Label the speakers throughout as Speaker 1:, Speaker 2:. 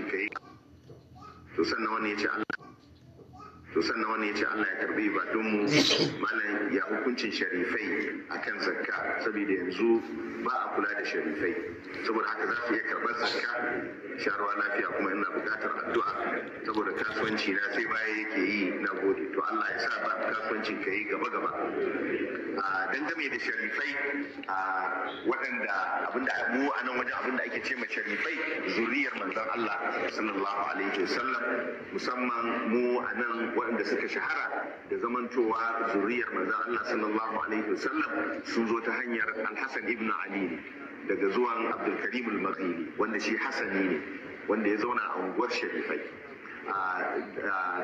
Speaker 1: practice faith. To send no to sannan wani ya ce Allah ya karbi ba mu malam ya hukuncin sharifai a kan zakka saboda yanzu ba a kula da sharifai saboda haka za su iya karɓar zakka sharuwa lafiya kuma ina buƙatar addu'a saboda kasuwanci na sai baya yake yi na gode to Allah ya sa ba kasuwancin ka yi gaba gaba a dangane da sharifai a waɗanda abinda mu a nan wajen abinda ake ce ma sharifai zuriyar manzon Allah sallallahu alaihi wasallam musamman mu a nan waɗanda suka shahara da zamantowa zuriyar manzan Allah sallallahu alaihi wasallam sun zo ta hanyar Alhassan, hasan ibn Ali daga zuwan abdulkarim Karim al-Maghribi wanda shi Hasani ne wanda ya zauna a unguwar Sharifai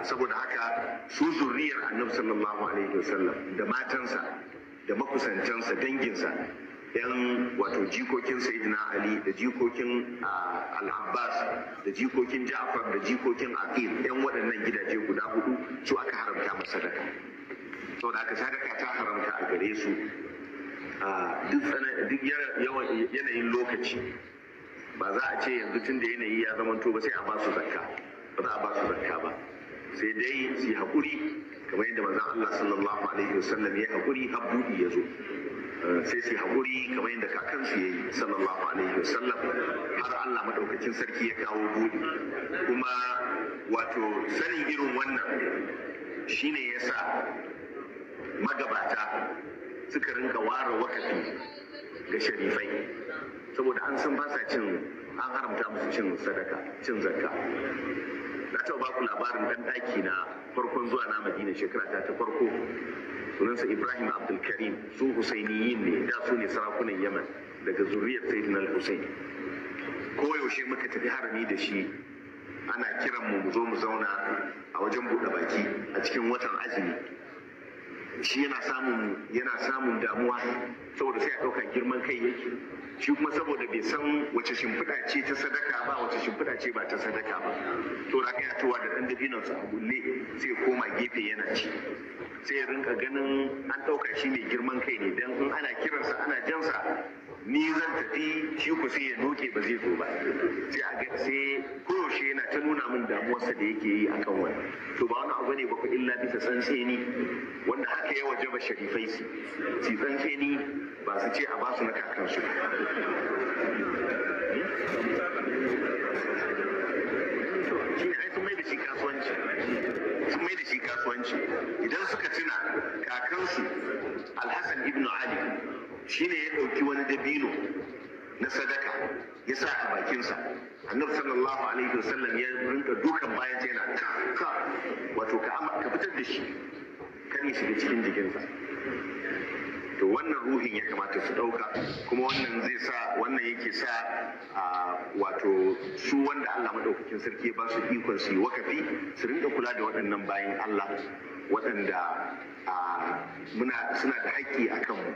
Speaker 1: saboda haka su zuriyar Annabi sallallahu alaihi wasallam da matansa da makusantansa danginsa yan wato jikokin sayyidina ali da jikokin al-abbas da jikokin ja'far da jikokin aqil yan waɗannan gidaje guda hudu su aka haramta masa sadaka saboda aka sadaka ta haramta a gare su duk yanayin lokaci ba za a ce yanzu tun da yanayi ya zama to ba sai a ba su zakka ba za a ba su zakka ba sai dai su yi haƙuri kamar yadda manzon Allah sallallahu alaihi wasallam ya haƙuri har buɗi ya zo sai su haƙuri kamar yadda kakansu ya yi sallallahu alaihi wasallam har Allah maɗaukacin sarki ya kawo buɗe kuma wato sanin irin wannan shine ya sa magabata suka rinka ware wakafi ga sharifai saboda an san basa cin an haramta musu cin sadaka cin zakka na taɓa baku labarin ɗan ɗaki na farkon zuwa na madina shekara ta farko sunansa ibrahim abdulkarim su husainiyin ne da su ne sarakunan yaman daga zuriyar sayyidina al-husain koyaushe muka tafi harami da shi ana kiran mu mu zo mu zauna a wajen buɗe baki a cikin watan azumi shi yana samun yana samun damuwa saboda sai a ɗauka girman kai yake shi kuma saboda bai san wace shimfiɗa ce ta sadaka ba wace shimfiɗa ce ba ta sadaka ba to da ya tuwa da ɗan su a bulle sai koma gefe yana ci sai rinka ganin an ɗauka shi mai girman kai ne dan in ana kiransa ana jansa ni zan tafi shi ku sai ya noke ba zai zo ba sai a ga sai koyaushe yana ta nuna min damuwarsa da yake yi akan wani to ba wani abu ne ba ku illa bisa tsantseni wanda har haka yi waje ba sharifai su su zance ni ba su ce a ba su na kakansu shi ai shi kasuwanci idan suka tuna kakansu alhassan ibn ali shine ya ɗauki wani dabino na sadaka ya sa a bakinsa annabi sallallahu alaihi wasallam ya rinka dukan bayan yana ka wato ka fitar da shi kar shiga cikin jikinsa to wannan ruhin ya kamata su ɗauka kuma wannan zai sa wannan yake sa wato su wanda Allah maɗaukakin sarki ba su ikon su yi wakafi su rinka kula da waɗannan bayan Allah waɗanda muna suna da haƙƙi a kanmu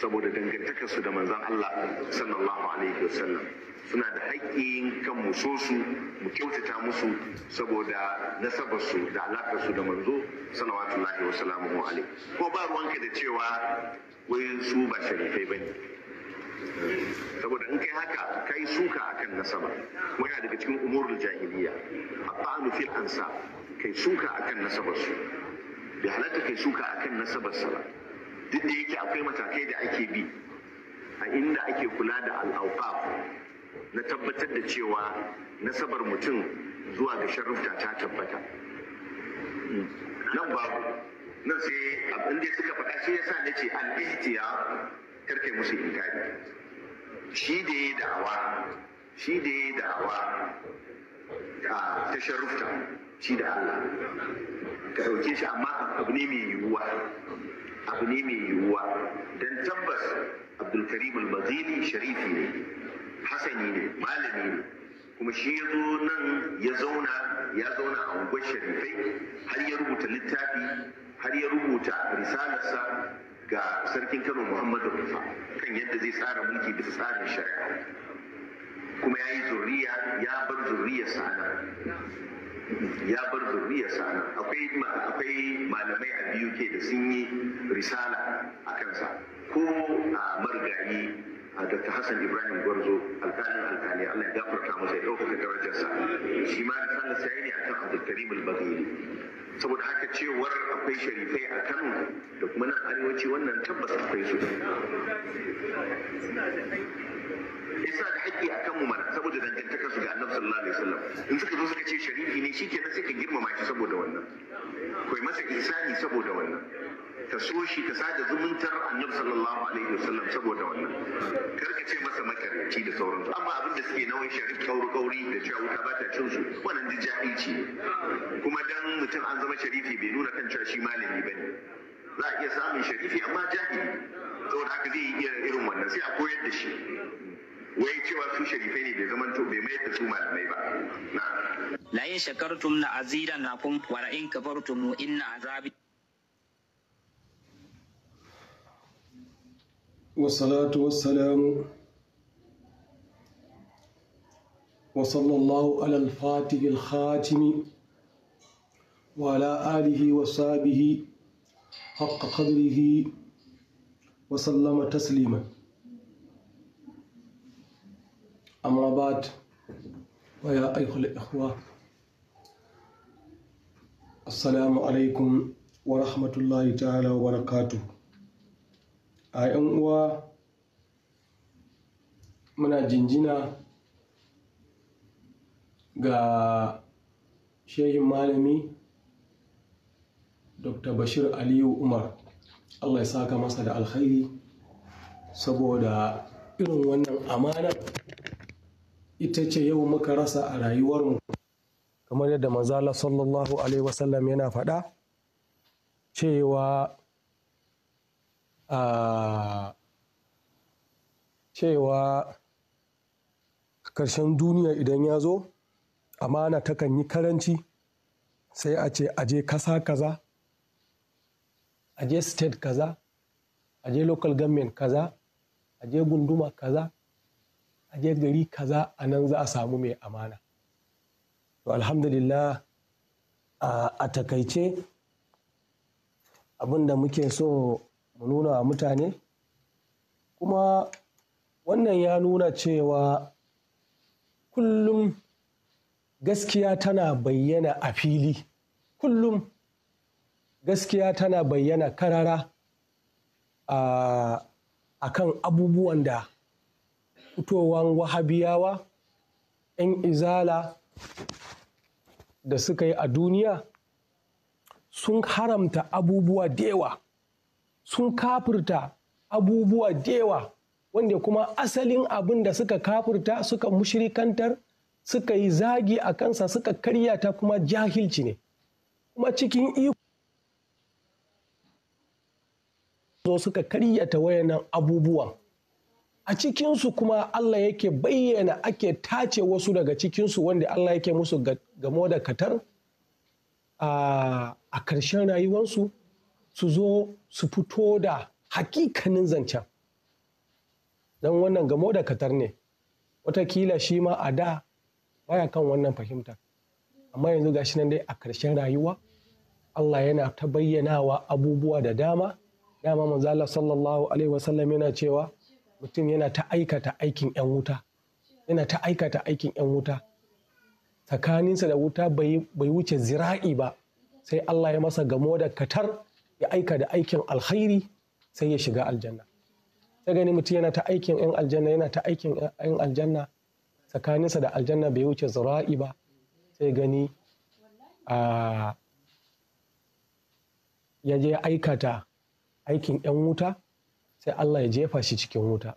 Speaker 1: saboda dangantakarsu da manzan Allah sallallahu alaihi wasallam suna da haƙƙin kan mu so su mu kyautata musu saboda nasabar su da su da manzo lahi wa salamu alaihi ko ba ruwanka da cewa wai su ba sharifai bane saboda in kai haka kai suka akan nasaba wani daga cikin umurul jahiliya a fil ansa kai suka akan nasabar su bi halatta kai suka akan nasabarsa ba duk da yake akwai matakai da ake bi a inda ake kula da al'auqaf na tabbatar da cewa nasabar mutum zuwa ga sharrufta ta tabbata nan babu nan sai abin da suka faɗa shi yasa na ce an ya karkai musu inkari shi da ya dawa shi da ya a ta sharrufta shi da Allah ka ɗauke shi amma abu ne mai yiwuwa abu ne mai yiwuwa don tabbas abdulkarim al-mazini sharifi ne hasani ne malami ne kuma shi ya zo nan ya zauna ya zauna a unguwar sharifai har ya rubuta littafi har ya rubuta risalarsa ga sarkin kano muhammadu rufa kan yadda zai tsara mulki bisa tsarin shari'a kuma ya yi zuriya ya bar zuriya sana ya bar zuriya sana akwai malamai a biyu ke da sun yi risala a kansa ko a marigayi Dr. Hassan Ibrahim Gwarzo alƙalin alƙali Allah ya gafarta masa ya ɗaukaka darajarsa shi ma risalar sa ne akan Abdul Karim al-Baghili saboda haka cewar akwai sharifai a Kano da kuma nan arewaci wannan tabbas akwai su yasa da haƙƙi a kanmu mana saboda dangantaka su ga Annabi sallallahu alaihi wasallam in suka zo suka ce sharifi ne shi shikenan sai ka girmama shi saboda wannan koyi masa ihsani saboda wannan ta so shi ta sada zumuntar annabi sallallahu alaihi wasallam saboda wannan karka ce masa makarci da sauransu amma abin da suke nawa shari kauri kauri da cewa wuta ba ta cin su wannan duk ce. kuma dan mutum an zama sharifi bai nuna kan cewa shi malami bane za a iya samun sharifi amma jahili saboda haka zai iya irin wannan sai a koyar da shi wai cewa su sharifai ne bai zama zamanto bai mayar da su malamai ba
Speaker 2: na la in shakartum na azidan lakum wa la in kafartum inna azabi
Speaker 3: والصلاة والسلام وصلى الله على الفاتح الخاتم وعلى آله وصحبه حق قدره وسلم تسليما أما بعد ويا أيها الإخوة السلام عليكم ورحمة الله تعالى وبركاته a 'yan uwa muna jinjina ga shehin malami dr bashir aliyu umar allah ya saka masa da alkhairi saboda irin wannan amana ita ce yau muka rasa a rayuwarmu kamar yadda manzala sallallahu alaihi wasallam yana faɗa cewa a ah, cewa ƙarshen duniya idan ya zo amana takan yi karanci sai a ce aje kasa kaza aje state kaza aje local government kaza aje gunduma kaza aje gari kaza a nan za a samu mai amana to alhamdulillah ah, a takaice da muke so mu nuna wa mutane kuma wannan ya nuna cewa kullum gaskiya tana bayyana a fili kullum gaskiya tana bayyana karara a kan abubuwan da fitowan wahabiyawa 'yan izala da suka yi a duniya sun haramta abubuwa da yawa sun kafurta abubuwa dewa wanda kuma asalin abin da suka kafurta suka mushrikantar suka yi zagi a kansa suka karya ta kuma jahilci ne kuma cikin iko zo suka karyata wayannan abubuwan a cikinsu kuma Allah yake bayyana ake tace wasu daga cikinsu wanda Allah yake musu gamo da katar a ƙarshen rayuwarsu su zo su fito da hakikanin zancen don wannan gamo da katar ne watakila shi ma a da baya kan wannan fahimtar amma yanzu gashi nan dai a ƙarshen rayuwa Allah yana ta bayyanawa abubuwa da dama dama manzala sallallahu alaihi wasallam yana cewa mutum yana ta aikata aikin 'yan wuta yana ta aikata aikin 'yan wuta tsakaninsa da wuta bai wuce zira'i ba sai Allah ya masa gamo da katar ya aika da aikin alkhairi sai ya shiga aljanna sai gani mutum yana ta aikin yan aljanna yana ta aikin yan aljanna tsakaninsa da aljanna bai wuce zura'i ba sai gani a ya aikata aikin yan wuta sai Allah ya jefa shi cikin wuta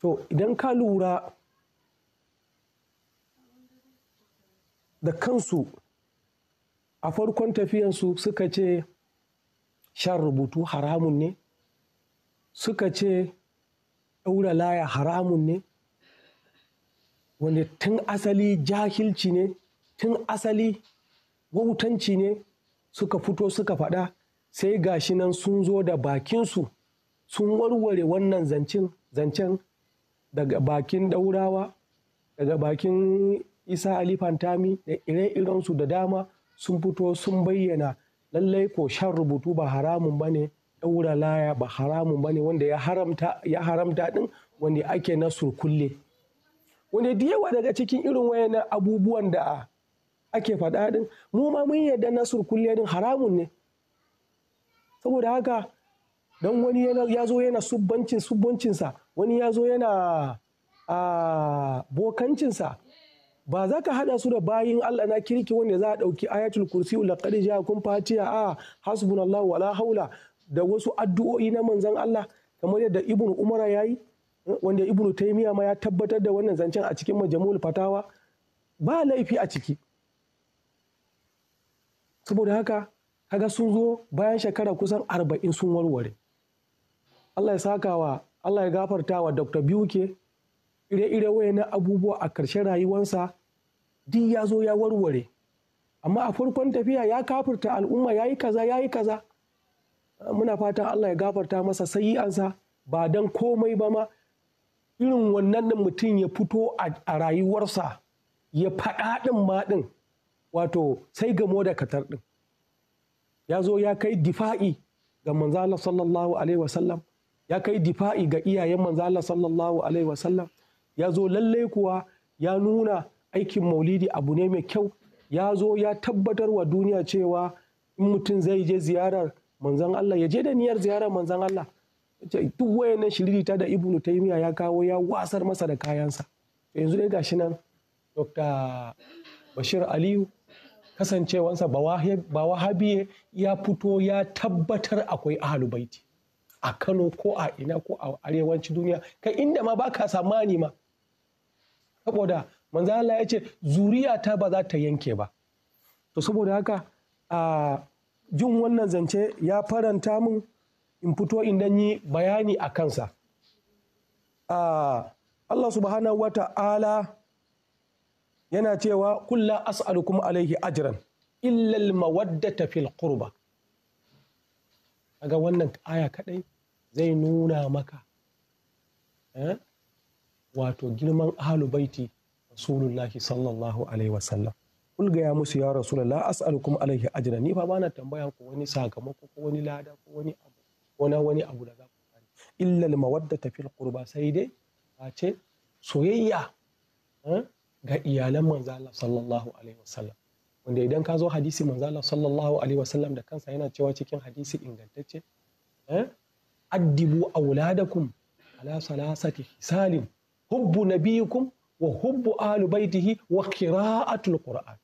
Speaker 3: to idan ka lura da kansu a farkon tafiyansu suka ce shan rubutu haramun ne suka ce ɗaura laya haramun ne wanda tun asali jahilci ne tun asali wautanci ne suka fito suka faɗa sai gashi nan sun zo da bakinsu sun warware wannan zancen zancen daga bakin ɗaurawa daga bakin isa ali fantami da ire-irensu da dama sun fito sun bayyana lallai ko shan rubutu ba haramun bane ɗaura laya ba haramun bane wanda ya haramta din wanda ake na surkulle wanda da yawa daga cikin irin wayannan abubuwan da ake faɗa din mu ma mun yarda na surkulle din haramun ne saboda haka don wani ya zo yana subbancin subbancinsa wani ya zo yana ah, bokancinsa ba za ka haɗa su da bayin Allah na kirki wanda za a ɗauki ayatul kursi ja kun fatiha a hasbunallahu wala haula da wasu addu'o'i na manzon Allah kamar yadda ibnu umara yayi wanda ibnu taymiya ma ya tabbatar da wannan zancen a cikin majmu'ul fatawa ba laifi a ciki saboda haka kaga sun zo bayan shekara kusan arba'in sun warware Allah ya saka wa Allah ya gafarta wa Dr. Biuke ire-ire na abubuwa a ƙarshen rayuwansa duk ya zo ya warware amma a farkon tafiya ya kafirta al'umma ya yi kaza ya yi kaza muna fatan Allah ya gafarta masa sai ansa. ba don komai ba ma irin wannan mutum ya fito a rayuwarsa ya faɗa ɗin ma ɗin wato sai gamo da katar ɗin ya zo ya kai difa'i ga manzala sallallahu alaihi wasallam ya kai difa'i ga iyayen manzala sallallahu alaihi wasallam ya zo lallai kuwa ya nuna aikin maulidi abu ne mai kyau ya zo ya tabbatar wa duniya cewa in mutum zai je ziyarar manzan Allah ya je da niyyar ziyarar manzan Allah duk wayannan shiririta da ibnu taymiya ya kawo ya wasar masa da kayansa yanzu dai gashi nan dr bashir aliyu kasancewansa ba wahabiye ya fito ya tabbatar akwai ahalu a kano ko a ina ko a arewacin duniya kai inda ma baka samani ma saboda manzo Allah ya ce zuriya ta ba za ta yanke ba to saboda haka a jin wannan zance ya faranta mun in fito in dan yi bayani a kansa Allah subhanahu wa ta'ala yana cewa kulla as'alukum alaihi ajran illal mawaddata fil qurba kaga wannan aya kadai zai nuna maka eh, wato girman ahalu baiti rasulullahi sallallahu alaihi wasallam kul ya musu ya rasulullah as'alukum alaihi ajra ni fa bana tambaya ku wani sakamako ko wani lada ko wani abu ko na wani abu da za ku bani illa al mawaddata fil qurba sai dai a ce soyayya eh, ga iyalan manzala sallallahu alaihi wasallam wanda idan ka zo hadisi manzala sallallahu alaihi wasallam da kansa yana cewa cikin hadisi ingantacce eh, addibu auladakum ala salasati hisalin hubbu nabiyikum wa hubbu ahlu baitihi wa qira'atul qur'an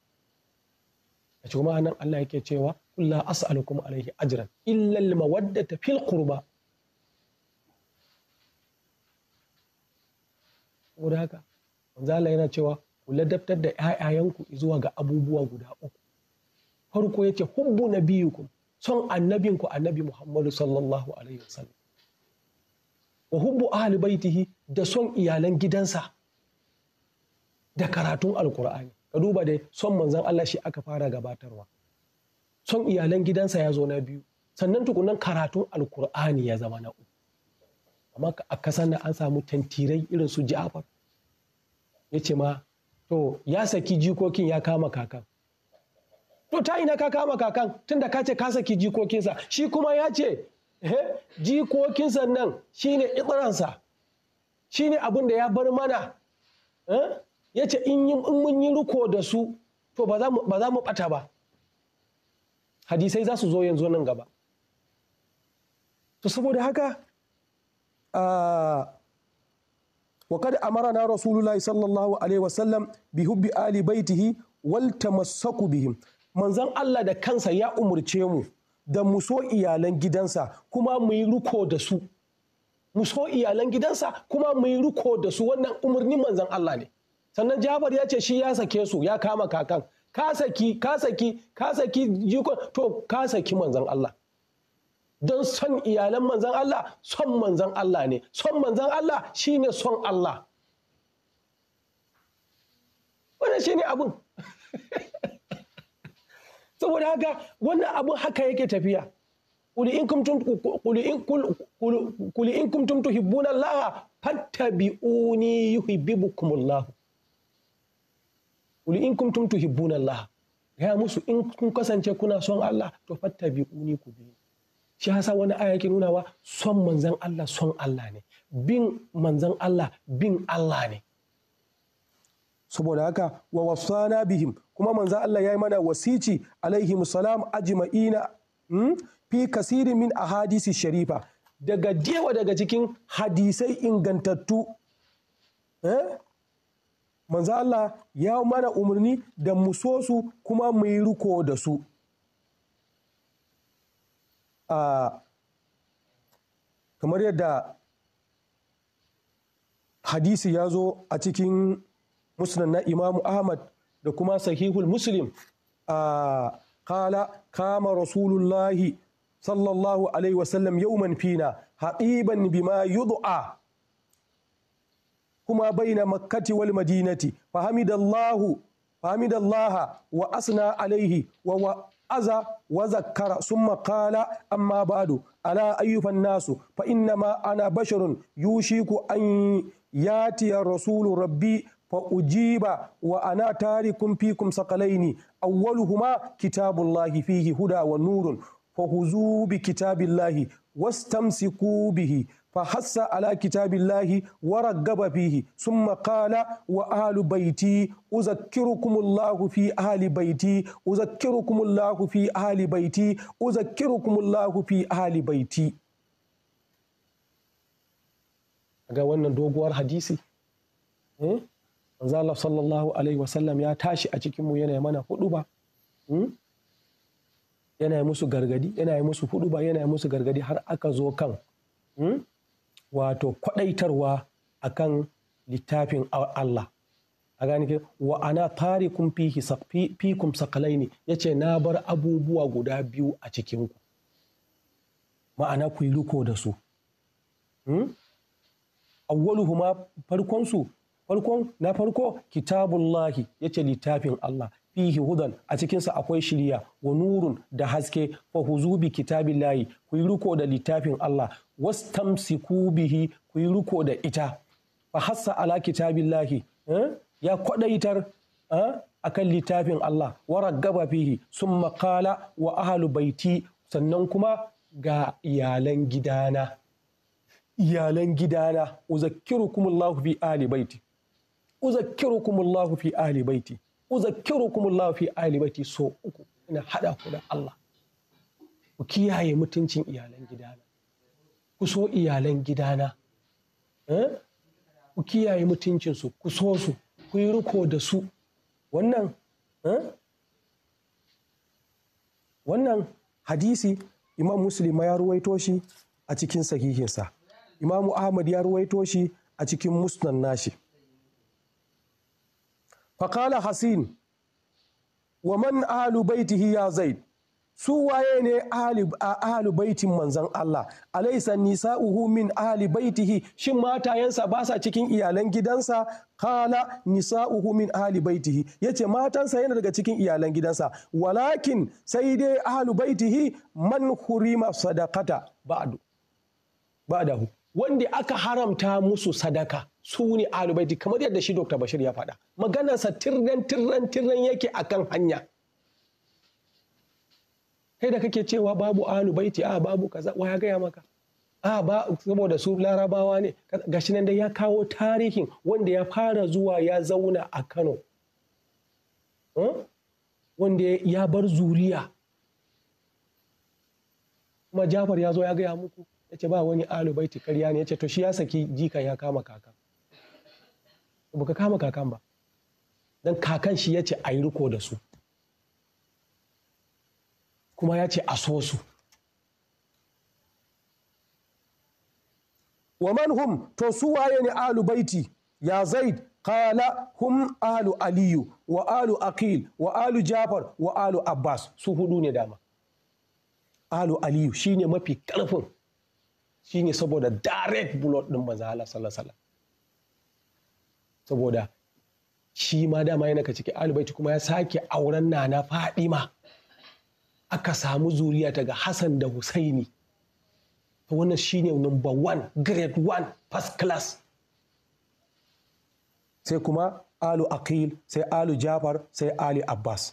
Speaker 3: a cikin ma'anan Allah yake cewa kulla as'alukum alaihi ajran illa al mawaddata fil qurba saboda haka manzala yana cewa ku ladabtar da ƴaƴayenku zuwa ga abubuwa guda uku farko yace hubbu nabiyukum son annabinku annabi Muhammadu sallallahu alaihi wasallam wa hubbu ahli baitihi da son iyalan gidansa da karatun alkur'ani ka duba dai son manzan Allah shi aka fara gabatarwa son iyalan gidansa ya zo na biyu sannan tukunan karatun alkur'ani ya zama na uku amma a kasan na an samu tantirai irin su ja'afar ya ce ma to ya saki jikokin ya kama kakan to ta ina ka kama kakan tunda ka ce ka saki jikokinsa shi kuma ya ce eh, jikokinsa nan shine itsiransa ne abin da ya bar mana eh? ya ce in mun yi riko da su to ba za mu bata ba hadisai za su zo yanzu nan gaba to saboda haka وقد أمرنا رسول الله صلى الله عليه وسلم بحب آل بيته والتمسك بهم manzon Allah da kansa ya umurce mu da mu so iyalan gidansa kuma mu yi riko da su mu so iyalan gidansa kuma mu yi riko da su wannan umarni manzan Allah ne sannan Jafar ya ce shi ya sake su ya kama kakan ka saki ka saki ka saki jikon to ka saki manzan Allah don son iyalan manzan Allah son manzan Allah ne son manzan Allah shine son Allah wannan shine abun saboda haka wannan abun haka yake tafiya Kuli in kuntum tuhibbuna Allah fattabi'uni إن Allah. Kuli in kuntum tuhibbuna Allah. قل gaya musu in kun kasance kuna son Allah to fattabi'uni ku bi shi hasa wani aya ke wa? son manzon Allah son Allah ne bin manzon Allah bin Allah ne saboda haka wa wasana bihim kuma manzon Allah ya yi mana wasici alaihi musalam ajma'ina hmm? fi kasiri min a hadisi sharifa daga dewa daga cikin hadisai ingantattu eh? Allah ya mana umarni da mu su kuma mu yi riko da su kamar yadda hadisi ya zo a cikin musnad na imamu ahmad da kuma sahihul muslim a kala kama rasulullahi sallallahu alaihi wasallam yauman fina haɗiban bima yud'a kuma baina makkati wal madinati fahamidallahu wa asna alaihi wa wa'aza wa zakkara summa qala amma ba'du ala ayyuhan nasu fa innama ana basharun yushiku an yatiya rasulu rabbi فأجيب وأنا تارك فيكم ثقلين أولهما كتاب الله huda wa ونور fa huzubi bi kitabillahi wastamsiku bihi fa hassa ala kitabillahi wa raggaba fihi summa qala wa ahlu baiti uzakkirukumullahu fi ahli baiti uzakkirukumullahu fi ahli baiti uzakkirukumullahu fi ahli baiti ga wannan doguwar hadisi hmm? manzo Allah sallallahu alaihi wasallam ya tashi a cikinmu yana mana hudu ba hmm? yana yi musu gargadi yana yi musu ba yana yi musu gargadi har aka zo kan hmm, wato kwadaitarwa akan littafin Allah a gani ke wa ana tarikum fikum ya yace na bar abubuwa guda biyu a cikinku ma'ana ku yi riko da su hmm? huma farkonsu farkon na farko kitabullahi yace littafin Allah fihi hudan a cikinsa akwai shiriya wa nurun da haske fa huzubi kitabillahi ku yi riko da littafin Allah wastamsiku bihi ku yi riko da ita fa hassa ala kitabillahi ya kwadaitar akan littafin Allah wa raggaba fihi sun qala wa ahlu baiti sannan kuma ga iyalan gidana iyalan gidana uzakkirukumullahu fi ali baiti fi ali baiti uzakkirukumullahu fi alibati so uku ina hada ku da Allah ku kiyaye mutuncin iyalan gidana ku so iyalan gidana eh? ku kiyaye mutuncinsu ku so su ku yi riko da su wannan eh? wannan hadisi imam muslim ya ruwaito shi a cikin sahihinsa imamu ahmad ya ruwaito shi a cikin musnan nashi faƙala hasin wa man ahalu baitihi ya zaid su waye ne ahalu baitin manzan Allah alaisa nisa'uhu min ahali baitihi shin matayensa ba sa cikin iyalan gidansa kala nisa'uhu min ahali baitihi yace matansa yana daga cikin iyalan gidansa walakin sai dai ahalu baitihi man hurima sadakata ba'du ba'dahu wanda aka haramta musu sadaka su ne alubaiti kamar yadda shi dokta bashir ya faɗa maganarsa tirren tirren tirren yake kan hanya kai da kake cewa babu alubaiti a babu kaza wa ya gaya maka a ba saboda su larabawa ne gashi nan dai ya kawo tarihin wanda ya fara zuwa ya zauna a kano hmm? wanda ya bar zuriya kuma jafar ya zo ya gaya muku ya ce ba wani alubaiti karya ne yace ce to shi ya saki jika ya kama kaka baka kama kakan ba don kakan shi ya ce a yi riko da su kuma yace ce a so su wa hum to su waye ne alu baiti ya zaid kala hum alu aliyu wa alu akil wa alu jafar wa alu abbas su hudu ne dama alu aliyu shine mafi karfin shine saboda direct blood din manzo Allah sallallahu alaihi wasallam saboda shi ma dama yana ka ciki alibaiti kuma ya sake auren nana fadima aka samu zuriya daga hassan da husaini ta wannan shine number one grade one first class sai kuma alu aqil sai alu jafar sai ali abbas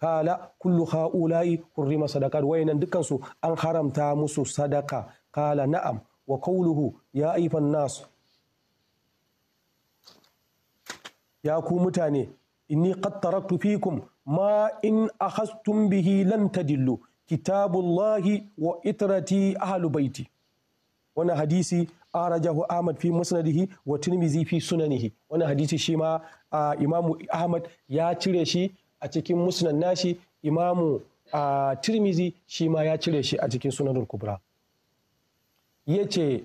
Speaker 3: kala kullu ha'ula'i hurrima sadaqat wayannan dukansu an haramta musu sadaka kala na'am wa qawluhu ya ayyuhan nas ya ku mutane inni qad taraktu fikum ma in akhastum bihi lan tadillu kitabullahi wa itrati ahlu baiti wannan hadisi arajahu ahmad fi musnadihi wa tirmizi fi sunanihi wannan hadisi shi ma imamu ahmad ya cire shi a cikin musnad nashi imamu tirmizi shi ma ya cire shi a cikin sunanul kubra yace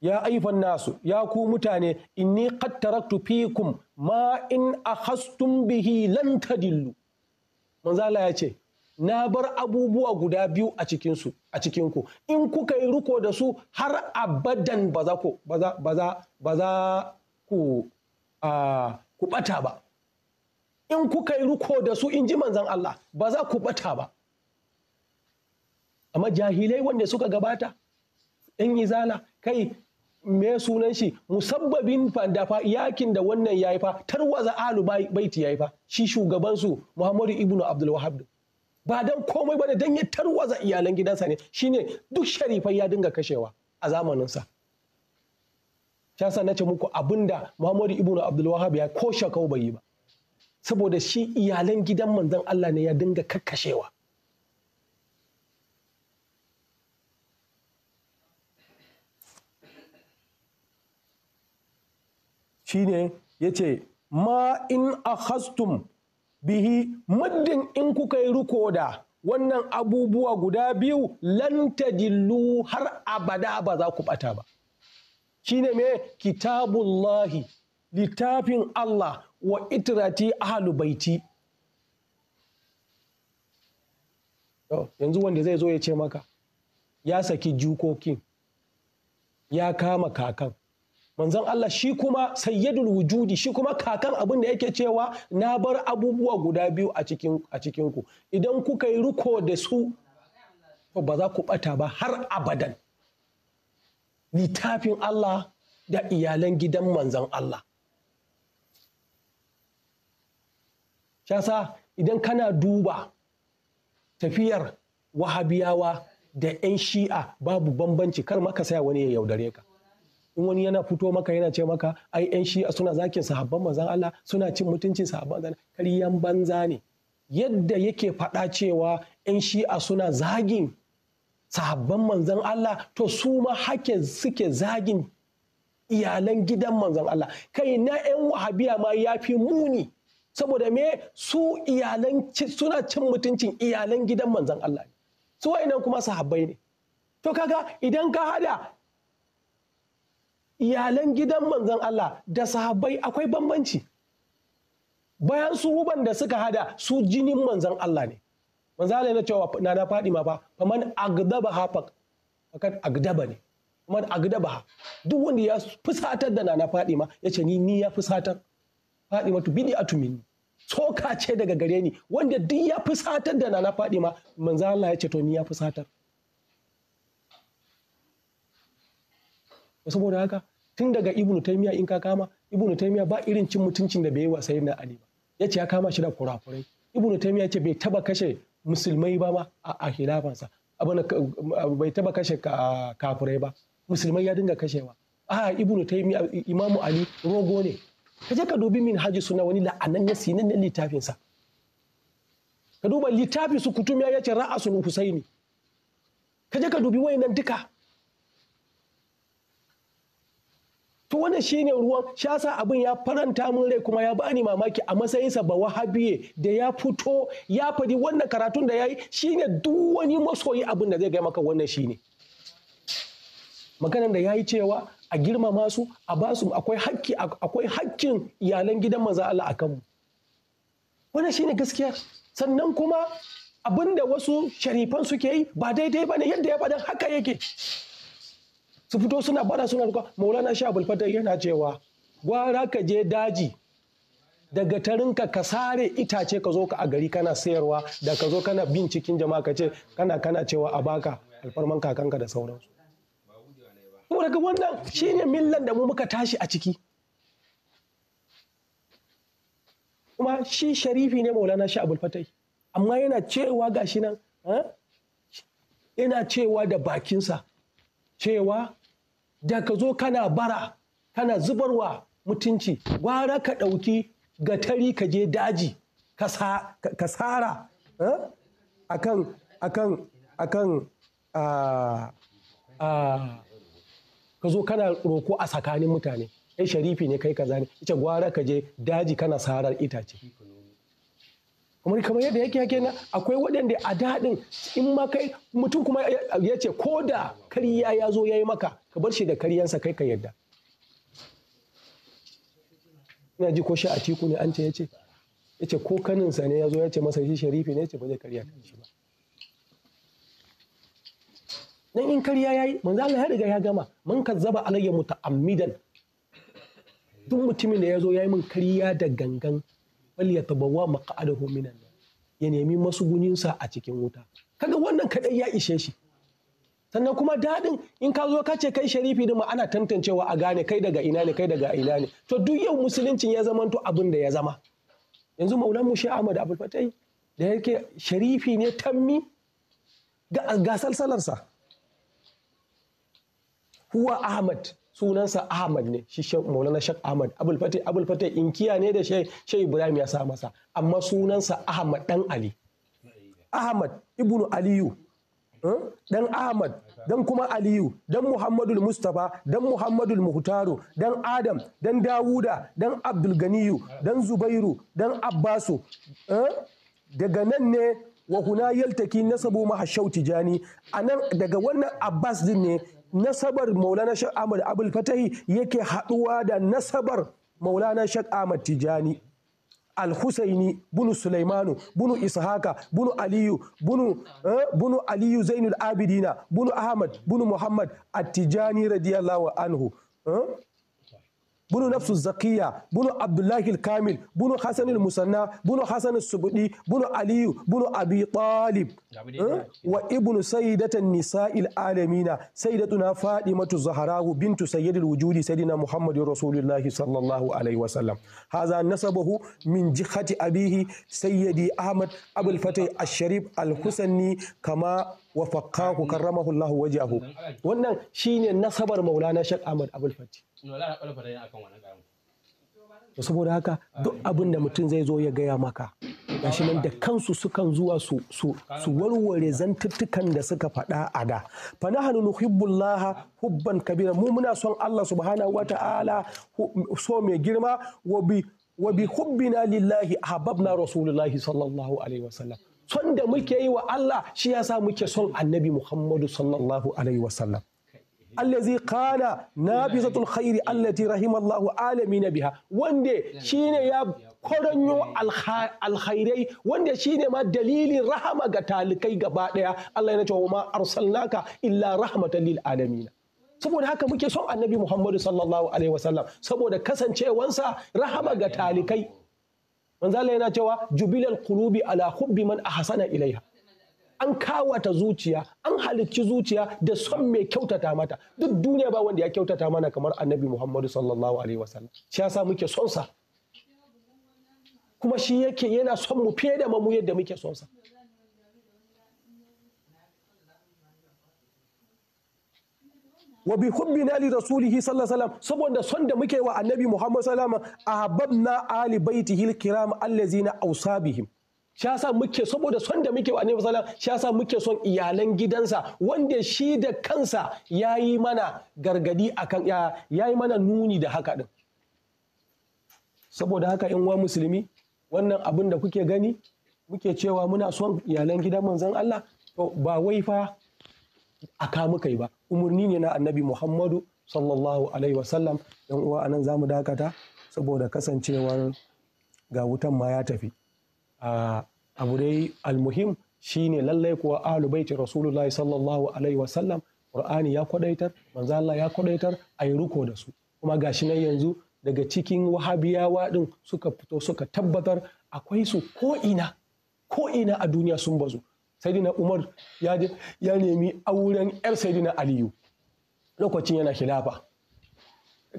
Speaker 3: ya ayyuhan nasu ya ku mutane inni qad taraktu fikum ma in akhastum bihi lan tadillu manzo Allah ya ce na bar abubuwa guda biyu a cikin su a cikin ku in kuka yi ruko da su har abadan ba za ku ba za ku ku bata ba in kuka yi ruko da su in ji manzon Allah ba za ku bata ba amma jahilai wanda suka gabata 'yan izala kai me sunan shi musabbabin Fandafa yakin da wannan yayi fa tarwaza alu baiti yayi fa shi shugaban su Muhammadu ibnu Abdul Wahhab ba dan komai bane dan ya tarwaza iyalan gidansa ne shine duk sharifai ya dinga kashewa a zamanin sa shi na ce muku abinda Muhammadu ibnu Abdul Wahhab ya ko shakau bai yi ba saboda shi iyalan gidan manzon Allah ne ya dinga kakkashewa shine yace ma in akhastum bihi muddin in kuka yi ruko da wannan abubuwa guda biyu lanta jillu har abada ba za ku bata ba shine me kitabullahi littafin Allah wa itirati ahlu baiti yanzu wanda zai zo ya ce maka ya saki jukokin ya kama kakan manzon Allah shi kuma sayyidul wujudi shi kuma kakan abin da yake cewa na bar abubuwa guda biyu a cikin ku idan kuka yi riko da su ba za ku bata ba har abadan littafin Allah da iyalan gidan manzon Allah shasa idan kana duba tafiyar wahabiyawa da 'yan shi'a babu bambanci kar maka saya wani ya yaudare ka in wani yana fito maka yana ce maka ai yan shi suna zakin sahabban manzan Allah suna cin mutuncin sahabban Allah kariyan banza ne yadda yake faɗa cewa yan shi'a suna zagin sahabban manzan Allah to su ma hake suke zagin iyalan gidan manzan Allah kai na yan wahabiya ma ya fi muni saboda me su iyalan suna cin mutuncin iyalan gidan manzan Allah su wainan kuma sahabbai ne to kaga idan ka hada iyalan gidan manzon Allah da sahabbai akwai bambanci bayan suhuban da suka hada su jinin manzon Allah ne manzon Allah yana cewa na na faɗi ma fa faman agdaba ha fakat agdaba ne faman agdaba ha duk wanda ya fusatar da na faɗi ma ya ce ni ni ya fusatar Faɗi ma tu bidi So tsoka ce daga gare ni wanda duk ya fusatar da na faɗi ma manzon Allah ce to ni ya fusatar saboda haka tun daga ibnu taimiya in ka kama ibnu taimiya ba irin cin mutuncin da bai yi wa sayyidina ali ba ce ya kama shi da kurakurai ibnu taimiya ce bai taba kashe musulmai ba ma a khilafansa bai taba kashe kafirai ba musulmai ya dinga kashewa a ibnu taimiya imamu ali rogo ne ka je ka dubi min haji suna wani la'anan ya sinan littafin littafinsa ka duba littafin su kutumiya ya ce ra'asul husaini ka je ka dubi wayannan duka to wannan shine ruwan shasa abin ya faranta mun rai kuma ya bani mamaki a matsayinsa ba wahabiye da ya fito ya fadi wannan karatun da yayi shine duk wani masoyi abin da zai gaya maka wannan shine maganar da yayi cewa a girmama su a basu akwai hakki akwai hakkin iyalan gidan manzo Allah akan mu wannan shine gaskiya sannan kuma abin da wasu sharifan suke yi ba daidai bane yadda ya faɗin haka yake su fito suna bada suna ruka maulana sha bulfata yana cewa gwara ka je daji daga tarinka ka sare itace ka zo ka a gari kana sayarwa da ka zo kana bin cikin jama'a ka ce kana kana cewa a baka alfarman kakanka da sauransu daga wannan shine millan da mu muka tashi a ciki kuma shi sharifi ne maulana shi abul fatai amma yana cewa gashi nan eh, yana cewa da bakinsa cewa da ka zo kana bara kana zubarwa mutunci gwara ka ɗauki gatari ka je daji ka tsara eh? akan akan akan ah, ah, ka zo kana roko a tsakanin mutane ai sharifi ne kai kaza ne ita gwara ka je daji kana sarar itace kamar kamar yadda yake yake na akwai waɗanda a daɗin in ma kai mutum kuma ya ce ko da kariya ya zo ya yi maka ka bar shi da kariyansa kai ka yadda ina ji ko shi a tiku ne an ce ya ce ya ce ko kaninsa ne ya zo ya ce masa shi sharifi ne ya ce ba zai kariya kan shi ba dan in kariya yayi manzo Allah ya riga ya gama man kazzaba alayya muta'ammidan duk mutumin da ya zo ya yi min kariya da gangan falyatabawwa maq'adahu minan ya nemi masuguninsa a cikin wuta kaga wannan kadai ya ishe shi sannan kuma daɗin in ka zo ka ce kai sharifi din ma ana tantancewa a gane kai daga ina ne kai daga ina ne to duk yau musuluncin ya zamanto abin da ya zama yanzu maulan mu shi Ahmad Abdul Fatai da yake sharifi ne tammi ga salsalarsa huwa Ahmad sunansa Ahmad ne shi Maulana Sheikh Ahmad Abul Fatih Abul Fatih inkiya ne da Sheikh Ibrahim ya sa masa amma sunansa Ahmad dan Ali Ahmad ibnu Aliyu eh, dan Ahmad dan kuma Aliyu dan Muhammadul Mustafa dan Muhammadul Muhtaru dan Adam dan Dawuda dan Abdul Ganiyu dan Zubairu dan Abbasu eh. daga nan ne wa huna yaltaki nasabu mahashau tijani anan daga wannan Abbas din ne nasabar maulana shek ahmad AbulFatahi yake haɗuwa da nasabar maulana shek ahmad tijani al-husaini bunu sulaimanu bunu ishaka bunu aliyu bunu, eh, bunu aliyu zainul abidina bunu ahmad bunu muhammad at-tijani radiyallahu anhu eh. bunu nafsu zakiya bunu abdullahi kamil bunu hasan musanna bunu hasan subudi bunu aliyu bunu abi talib hm? wa ibnu saidatan nisa'il alamina sayyidatuna matu zahrahu bintu sayyidil wujudi sayyidina muhammadin rasulullahi sallallahu alaihi wasallam hadha nasabahu min jihati abihi sayyidi ahmad abul fatih ash-sharif al-husaini kama wa faqahu karramahu Allah wajahu wannan shine nasabar Maulana Sheikh Ahmad Abul Fati to saboda haka duk abin da mutum zai zo ya gaya maka gashi nan da kansu sukan zuwa su su su warware zantuttukan da suka fada a da fa nahnu Allah hubban kabira mu muna son Allah subhanahu wata'ala so mai girma wa bi wa bi hubbina lillahi ahabbna rasulullahi sallallahu alaihi wasallam son da muke yi wa Allah shi yasa muke son annabi Muhammadu sallallahu alaihi wasallam allazi qala nabizatul khairi allati rahimallahu na biha wanda shine ya koranyo alkhairai wanda shine ma dalilin rahama ga talikai gaba daya Allah ya ce wa ma arsalnaka illa rahmatan lil alamin saboda haka muke son annabi Muhammadu sallallahu alaihi wasallam saboda kasancewansa rahama ga talikai manzala yana cewa jubilal qulubi ala hubbi man ahsana ilaiha an kawata zuciya an halicci zuciya da son mai kyautata mata duk duniya ba wanda ya kyautata mana kamar annabi muhammadu sallallahu alaihi wasallam shi ya sa muke sonsa? kuma shi yake yana son mu fiye da mamu yadda muke sonsa. wa bi na li rasulihi sallallahu alaihi wasallam saboda son da muke wa annabi Muhammad sallallahu alaihi wasallam ahabbna ali baitihi alkiram allazina awsabihim sha sa muke saboda son da muke wa annabi sallallahu alaihi wasallam sha sa muke son iyalan gidansa wanda shi da kansa yayi mana gargadi akan yayi mana nuni da haka din saboda haka in wa musulmi wannan abin da kuke gani muke cewa muna son iyalan gidan manzon Allah to ba wai fa aka muka yi ba umarni ne na annabi muhammadu sallallahu alaihi wasallam yan uwa anan za mu dakata saboda kasancewar ga wutan ma ya tafi abu dai almuhim shine lallai kuwa ahlu baiti rasulullahi sallallahu alaihi wasallam qur'ani ya kwadaitar manzo ya kwadaitar a yi ruko da su kuma gashi nan yanzu daga cikin wahabiyawa ɗin suka fito suka tabbatar akwai su ko'ina, ina a duniya sun bazu saidina umar ya nemi auren yar saidina aliyu lokacin yana khilafa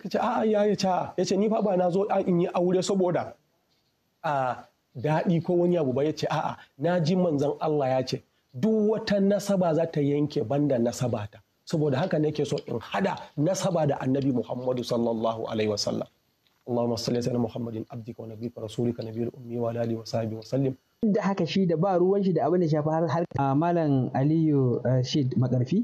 Speaker 3: ka ce a'a ya ya ca ya ce ni fa ba na zo in yi aure saboda a daɗi ko wani abu ba ya ce a'a na ji manzan Allah ya ce duk wata nasaba za ta yanke banda nasaba ta saboda haka nake so in hada nasaba da annabi Muhammadu sallallahu alaihi wasallam Ummi wa, wa, wa, Sallim.
Speaker 2: duk da haka shi da ba ruwan shi da abin da shafi har har malam aliyu rashid eh, makarfi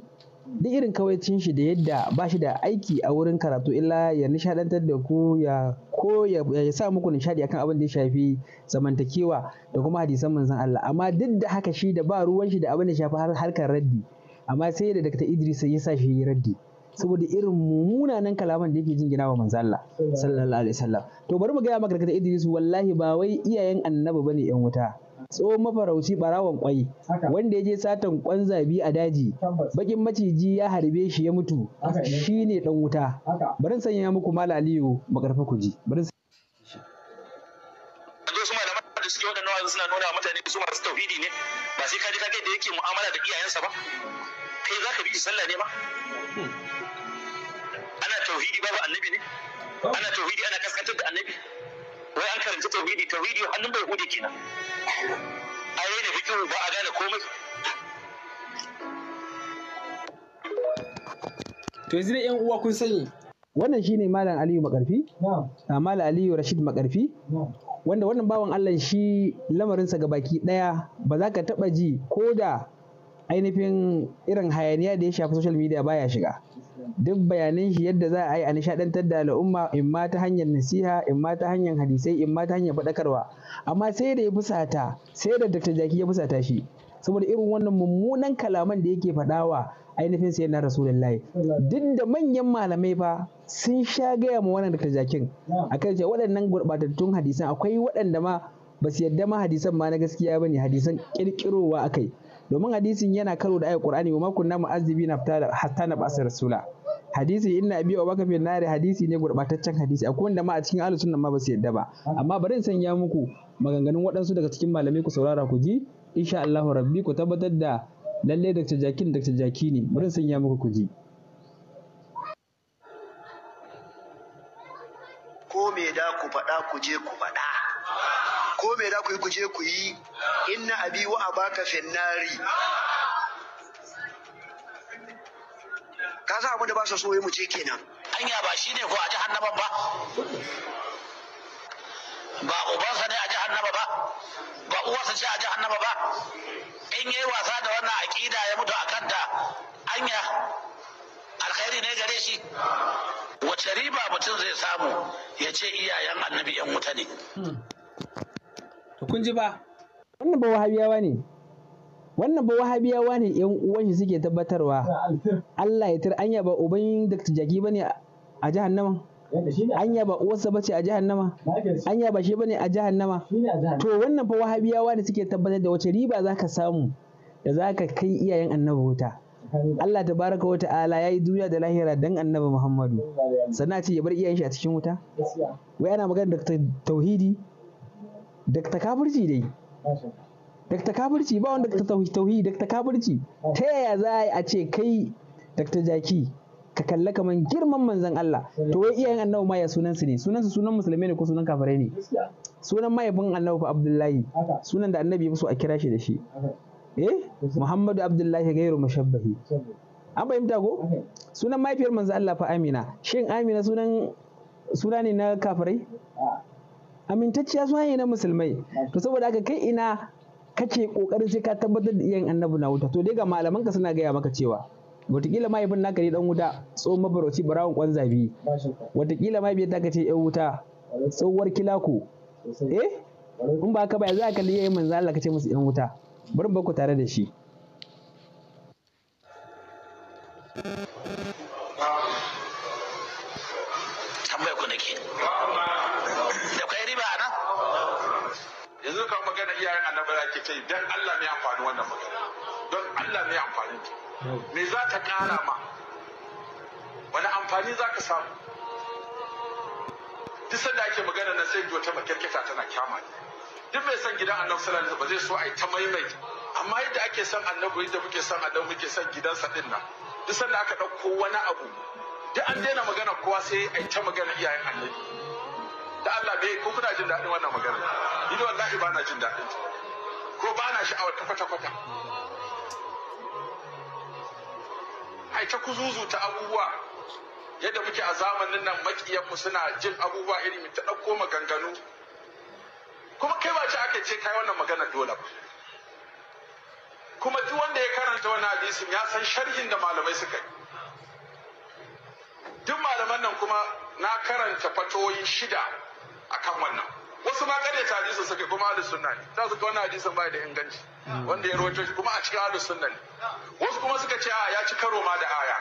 Speaker 2: duk irin kawaicin shi da yadda ba shi da aiki a wurin karatu illa ya nishadantar da ku ya ko ya sa muku nishadi akan abin da ya shafi zamantakewa da kuma hadisan manzon Allah amma duk da haka shi da ba ruwan shi da abin da shafi har harkar raddi amma sai da Dr. Idris ya sa shi raddi saboda irin mummunan kalaman da yake jin ginawa manzon Allah sallallahu alaihi wasallam to bari mu ga maka Dr. Idris wallahi ba wai iyayen annabi bane yan wuta tsohon mafarauci barawon kwai wanda ya je satan kwan zabi a daji bakin maciji ya harbe shi ya mutu shi ne dan wuta bari sanya muku mala aliyu makarfa ku ji bari su
Speaker 1: malaman da suke wadannan wa'azi suna nuna mutane su masu tauhidi ne ba sai ka ji kage da yake mu'amala da iyayensa ba kai za ka bi sallah
Speaker 3: ne ba hmm. ana tauhidi babu annabi ne ana tauhidi ana kaskantar da annabi wai an karanci tauhidi rediyo hannun bai hude kenan a da fikihu ba a gane komai
Speaker 2: to yanzu da yan uwa kun sani wannan shine malam aliyu makarfi ah, malam aliyu rashid makarfi wanda wannan bawan allah shi lamarinsa ga baki daya ba za ka taba ji ko da ainihin irin hayaniya da ya shafi social media baya shiga duk bayanin shi yadda za a yi a nishadantar da al'umma in ma ta hanyar nasiha in ma ta hanyar hadisai in ma ta hanyar faɗakarwa amma sai da ya fusata sai da dr jaki ya fusata shi saboda irin wannan mummunan kalaman da yake faɗawa ainihin sai na rasulullahi duk da manyan malamai fa sun sha gaya ma wannan dr jakin akan cewa waɗannan gurbatattun hadisan akwai waɗanda ma ba su yadda ma hadisan ma na gaskiya ba ne hadisan ƙirƙirowa akai domin hadisin yana karo da ayat Qur'ani wa makunna mu'azzibina hatta na ba'sa rasula hadisi inna abi wa baka fil nari hadisi ne gurbataccen hadisi akwai wanda ma a cikin ahlus sunna ma ba su yadda ba amma bari in sanya muku maganganun waɗansu daga cikin malamai ku saurara ku ji insha Allah rabbi ku tabbatar da lalle Dr. Jakin Dr. Jaki ne bari in sanya muku ku ji
Speaker 1: ko me da ku faɗa ku je ku faɗa ko me za ku yi kuje ku yi inna abi wa abaka finnari ka sa abin da ba su so yi mu je kenan hanya ba shi ne ko a jahannama ba ba
Speaker 4: ubansa ne a jahannama ba ba uwarsa ce a jahannama ba in yi wasa da wannan aƙida ya mutu a ta anya alkhairi ne gare shi wace riba mutum zai samu
Speaker 2: ya ce
Speaker 3: iyayen annabi yan
Speaker 2: wuta ne hmm. kun ji ba wannan ba wahabiyawa ne wannan ba wahabiyawa ne yan uwan shi suke tabbatarwa Allah ya tar anya ba uban Dr. Jaki bane a jahannama anya ba uwarsa bace a jahannama anya ba shi bane a jahannama to wannan ba wahabiyawa ne suke tabbatar da wace riba zaka samu da zaka kai iyayen annabi wuta Allah ta wata wa ta'ala yi duniya da lahira don annabi Muhammadu sannan ce ya bar iyayen shi a cikin wuta wai ana magana da tauhidi dakta kafirci dai dakta kafirci ba wanda ta tauhi dakta kafirci ta yaya za a ce kai dakta jaki ka kalla kaman girman manzon Allah to wai iyayen annabi ma ya sunan su ne sunan su sunan musulmi ne ko sunan kafirai ne sunan mahaifin annabi fa Abdullahi sunan da annabi ya so a kira shi da shi eh Muhammadu Abdullahi gairu mashabbahi an fahimta ko sunan mahaifiyar manzon Allah fa Amina shin Amina sunan suna ne na kafirai amintacciya suna ne na musulmai to saboda haka kai ina kake kokarin sai ka tabbatar da iyayen annabi na wuta to dai ga malaman ka suna gaya maka cewa wataƙila mahaifin naka ne dan wuta tsohon mabarauci barawon kwanza watakila wataƙila biyar ta ce yan wuta tsohuwar kilako eh in ba ka ba za ka kalli yayin manzo Allah ka ce musu yan wuta bari ba ku tare da shi
Speaker 4: tambaya ke ce dan Allah ne amfani wannan magana don Allah ne amfani ta me za ta kara ma wani amfani za ka samu duk sanda ake magana na sai wata makirkita tana kyama ne duk mai son gidan annabi sallallahu alaihi ba zai so a yi ta maimaita amma yadda ake son annabi yadda muke son annabi muke son gidansa din nan duk sanda aka ɗauko wani abu duk an daina magana kowa sai a yi ta magana iyayen annabi da Allah bai ko kuna jin daɗin wannan magana ni wallahi ba na jin daɗin ta ko ba na sha'awar ta kwata-kwata ai ta abubuwa yadda muke a zamanin nan makiyanmu suna jin abubuwa irin ta ɗauko maganganu kuma kai ba ci ake ce kai wannan magana dole ba kuma duk wanda ya karanta wannan hadisin ya san sharhin da malamai suka yi duk malaman nan kuma na karanta fatoyi shida akan wannan wasu ma ta hadisin suka kuma ahlus sunna ne za su ga wannan hadisin ba da inganci wanda ya rawaito shi kuma a cikin ahlus sunna ne wasu kuma suka ce a ya ci karo ma da aya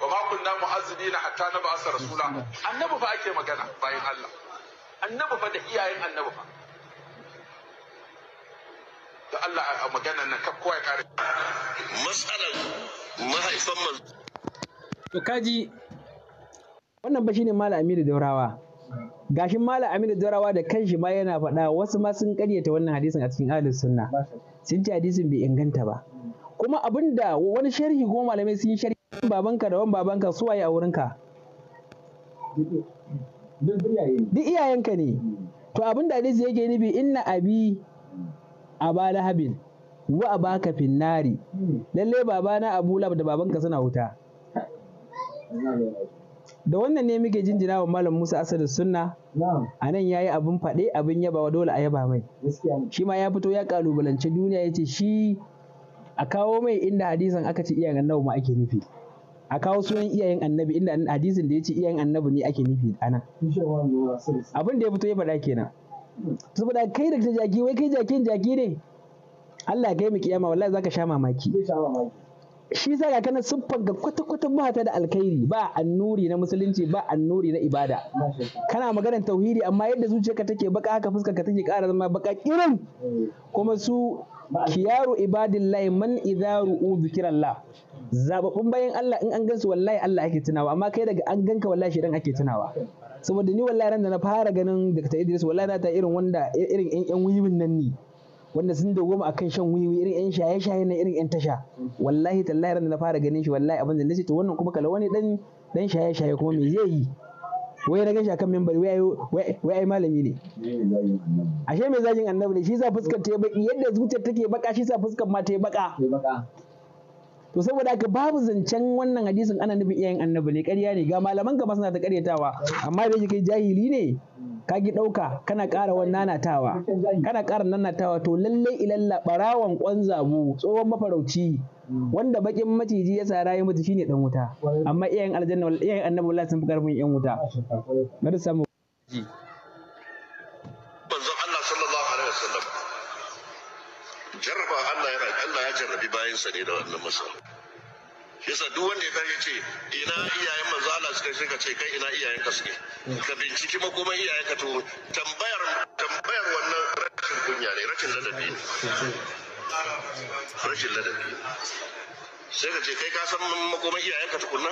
Speaker 4: wa ma kunna mu'azzibina hatta na ba'asa rasula annabi fa ake magana bayan Allah annabi fa da iyayen annabi fa da Allah a maganar nan kaf kowa ya kare matsalar mahaifan manzo
Speaker 2: to kaji wannan ba shine malam Aminu Daurawa gashin malam aminu jarawa da kanshi ma yana faɗa wasu ma sun karyata wannan hadisin a cikin ahlus sunna sun ce hadisin bai inganta ba kuma abinda da wani sharhi goma malamai sun yi sharhi babanka da wani babanka su waye a wurinka duk iyayenka ne to abin da hadisi yake nufi inna abi ba lahabin wa a baka finnari lalle babana abu lab da babanka suna wuta da wannan ne muke jinjina wa malam Musa Asadu Sunna a nan ya yi abin faɗe abin yabawa dole a yaba mai shi ma ya fito ya kalubalance duniya ya ce shi a kawo mai inda hadisan aka ce iyayen annabi ma ake nufi a kawo sunan iyayen annabi inda hadisin da ya ce iyayen annabi ne ake nufi a nan abin da ya fito ya faɗa kenan saboda kai da jaki wai kai jakin jaki ne Allah ya kai mu kiyama wallahi zaka sha mamaki shi sa ga kana siffan ga kwata-kwata ba da alkhairi ba annuri na musulunci ba annuri na ibada kana maganar tauhidi amma yadda ka take baka haka ka take kara zama baka kirin kuma su kiyaru ibadillahi man u ru'u zikrallah zababbun bayan Allah in an gansu wallahi Allah ake tunawa amma kai daga an ganka wallahi shi dan ake tunawa saboda ni wallahi ran da na fara ganin Dr. Idris wallahi na ta irin wanda irin yan yan wiwin nan ne wanda sun dogoma akan shan wiwi irin yan shaye shaye na irin yan tasha wallahi tallahi ran na fara ganin shi wallahi abin da nace to wannan kuma kala wani dan dan shaye shaye kuma me zai yi wai na gashi akan membari wai wai ai malami ne ashe mai zagin annabi ne shi sa fuskar ta yi baki yadda zuciyar take baka shi sa fuskar ma ta yi baka to saboda haka babu zancen wannan hadisin ana nufin iyayen annabi ne ƙarya ne ga malaman gaba suna ta ƙaryatawa amma da yake kai jahili ne ka gi ɗauka kana ƙara wannan nanatawa kana ƙara nanatawa to lallai ilalla ɓarawan ƙwanzabu tsohon mafarauci wanda bakin maciji ya sa ya mutu shine dan wuta amma iyayen aljanna wal iyayen annabi wallahi sun fi karfin yan wuta bari samu
Speaker 1: jarraba jarrabi bayansa ne da wannan masa yasa duk wanda ya tashi ce ina iyayen manzo Allah suka ce ka ce kai ina iyayen ka suke ka binciki makoman iyayen ka to tambayar tambayar wannan rashin kunya ne rashin ladabi ne rashin ladabi sai ka ce kai ka san makoman iyayen ka tukunna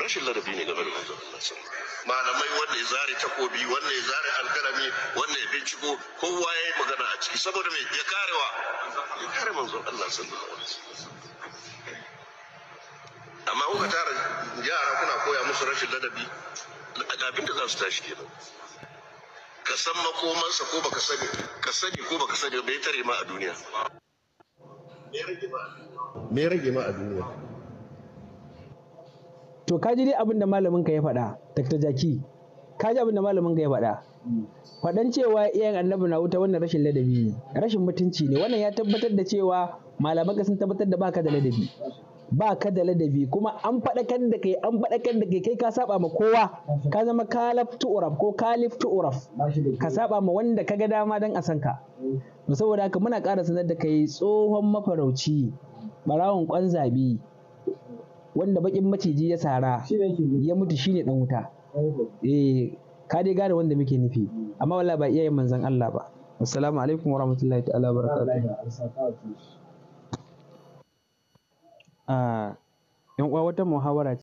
Speaker 1: rashin ladabi ne game da malamai wanda ya zare takobi wanda ya zare alkalami wanda ya binciko kowa ya yi magana a ciki saboda mai ya karewa ya kare manzon Allah sallallahu alaihi wasallam amma kuka tara yara kuna koya musu rashin ladabi abin da za su tashi kenan ka san makomansa ko baka sani ka sani ko baka sani bai tare ma a duniya me rage ma a duniya
Speaker 2: to ka ji dai abin da malamin ka ya faɗa Dr. Jaki ka ji abin da malamin ka ya faɗa faɗan cewa iyayen annabi na wuta wannan rashin ladabi ne rashin mutunci ne wannan ya tabbatar da cewa malaman ka sun tabbatar da baka da ladabi ba ka da ladabi kuma an faɗakar da kai an faɗakar da kai kai ka saba ma kowa ka zama kalaf tu'raf ko kalif tuuraf ka saba ma wanda ka ga dama dan a san ka saboda haka muna ƙara sanar da kai tsohon mafarauci barawon kwan zabi wanda bakin maciji ya sara ya mutu shine dan wuta eh ka dai gane wanda muke nufi amma wallahi ba iyayen manzon Allah ba assalamu alaikum warahmatullahi ta'ala barakatuh ah yan uwa wata muhawara